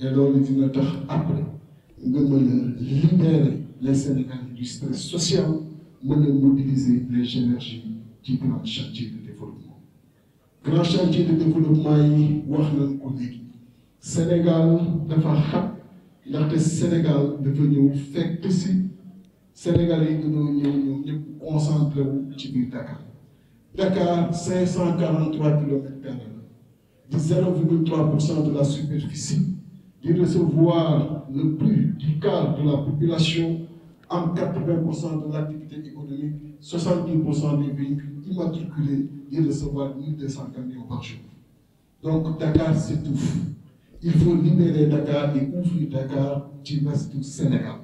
et loolu nous tax après nous devons libérer les Sénégalais du stress social pour mobiliser les énergies du grand chantier de développement. grand chantier de développement yi wax nañ ko le Sénégal dafa xat Le Sénégal est ñëw fekk Sénégalais yi dañoo nous concentrer concentré Dakar Dakar 543 km de 0,3 de la superficie de recevoir le plus du quart de la population en 80% de l'activité économique, 70% des véhicules immatriculés et recevoir 1200 camions par jour. Donc Dakar s'étouffe. Il faut libérer Dakar et ouvrir Dakar, tu restes tout Sénégal.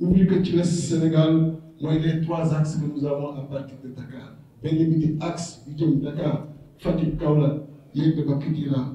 Oublie que tu restes Sénégal, moi il y les trois axes que nous avons à partir de Dakar. Ben axe, du Dakar, Fatih Kaola, Yébe Bakidira,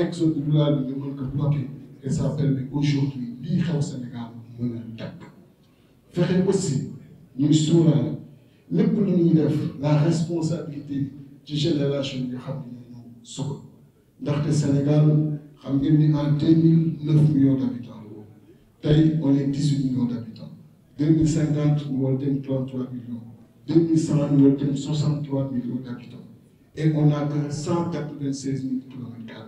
exode de l'a dit, nous bloqué. Et ça permet aujourd'hui, lire au Sénégal, nous l'a Faire aussi, nous sommes là, le la responsabilité du génération du Rabbi, nous sommes. le Sénégal, nous sommes en 2009 millions d'habitants. Aujourd'hui, on est 18 millions d'habitants. 2050, nous sommes 33 millions. 2100, nous sommes 63 millions d'habitants. Et on a 196 000 km.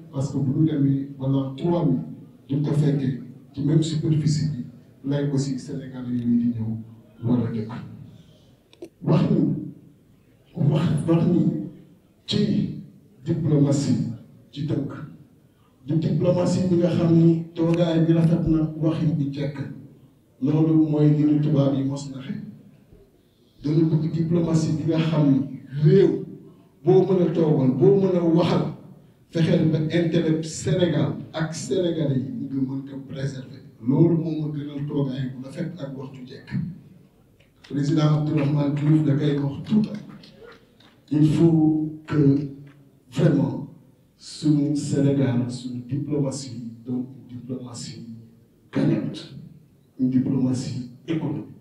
parce que nous avons voilà, pendant trois mois duñ ko qui même superficie aussi di de war voilà dëkk wax ni diplomasi, wax diplomatie ci tënk di diplomatie bi nga xam ni toogaay bi rafet na waxin bi jekk loolu mooy li ñu tubaab yi mos naxe dana bëgg diplomatie bi nga xam ni réew boo mën a toogal boo mën a waxal que ba intérêt Sénégal ak Sénégalais yi ñu ngi mën ko préserver loolu moom ma gënal toogaay bu rafet ak wax ju jekk président Abdourahmane Diouf da koy wax tout il faut que vraiment suñu Sénégal suñu diplomatie donc une diplomatie gagnante une diplomatie économique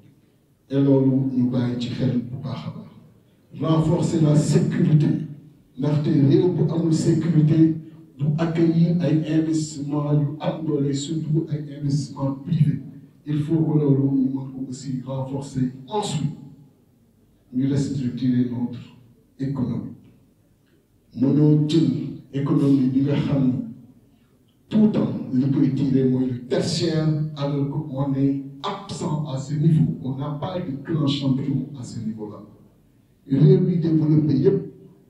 et loolu ñu bàyyi ci xel bu renforcer la sécurité n'afte réew bu amul sécurité du accueillir ay investissement yu am doole surtout ay investissement privé il faut que nous ñu aussi renforcer ensuite nous restructurer notre économie mënoo jël économie bi xam tout le temps li tirer le tertiaire alors qu'on est absent à ce niveau on n'a pas de grand champion à ce niveau là réew yi développé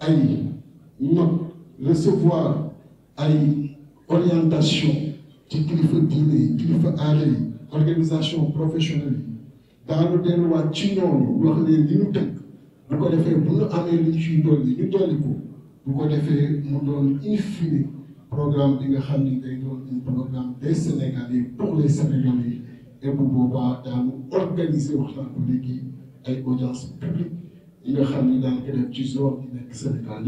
I non, recevoir orientation qui fait dîner, qui kilifa fait aller organisation professionnelle dans le delluwaat ci nous wax leen li ñu tënk bu Nous faire bu nous avons program nous faire programme de un programme des Sénégalais pour les Sénégalais et organiser audience publique il y a ni daan ko def ci zone yi Sénégal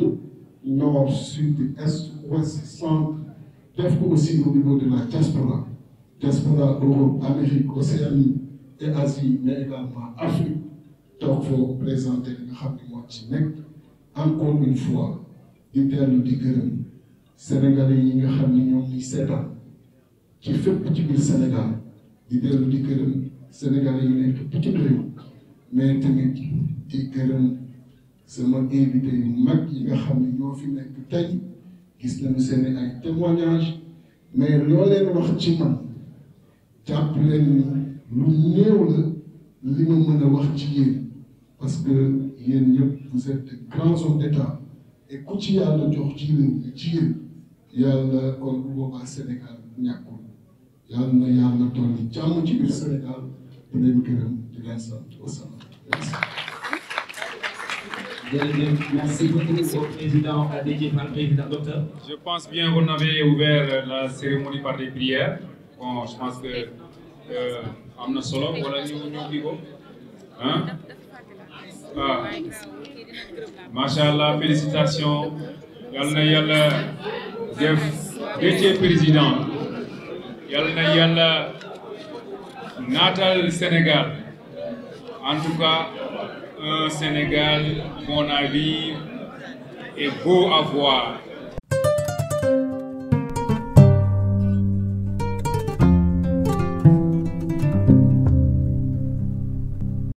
nord sud est ouest centre peut-être aussi au niveau de la diaspora diaspora Europe Amérique Océanie et Asie mais également Afrique Donc, il faut présenter nga xam encore une fois di dellu di gërëm sénégalais il y a ni ans, qui fait partie du ci biir Sénégal di dellu di gërëm sénégalais yi nekk bitim réew mais tamit di gërëm sama invité yu mag yi nga xam ne ñoo fi nekk tey gis nañu seen ay témoignages mais loo leen wax ci man jàpp leen ni lu néew la li ma mën a wax ci yéen parce que yéen ñëpp vous êtes de grands hommes d'État ci yàlla jox ci réew yàlla kon bu boobaa Sénégal ñàkkul yàlla na yàlla dolli jàmm ci biir Sénégal di leen gërëm di leen sant wasalaam Je pense bien qu'on avait ouvert la cérémonie par des prières. Bon, je pense que euh, Amna Solo, voilà, nous, nous, Hein? Ah. félicitations. Yalla yalla def président. Yalla yalla natal Sénégal. En tout cas, un Sénégal, mon avis, est beau à voir.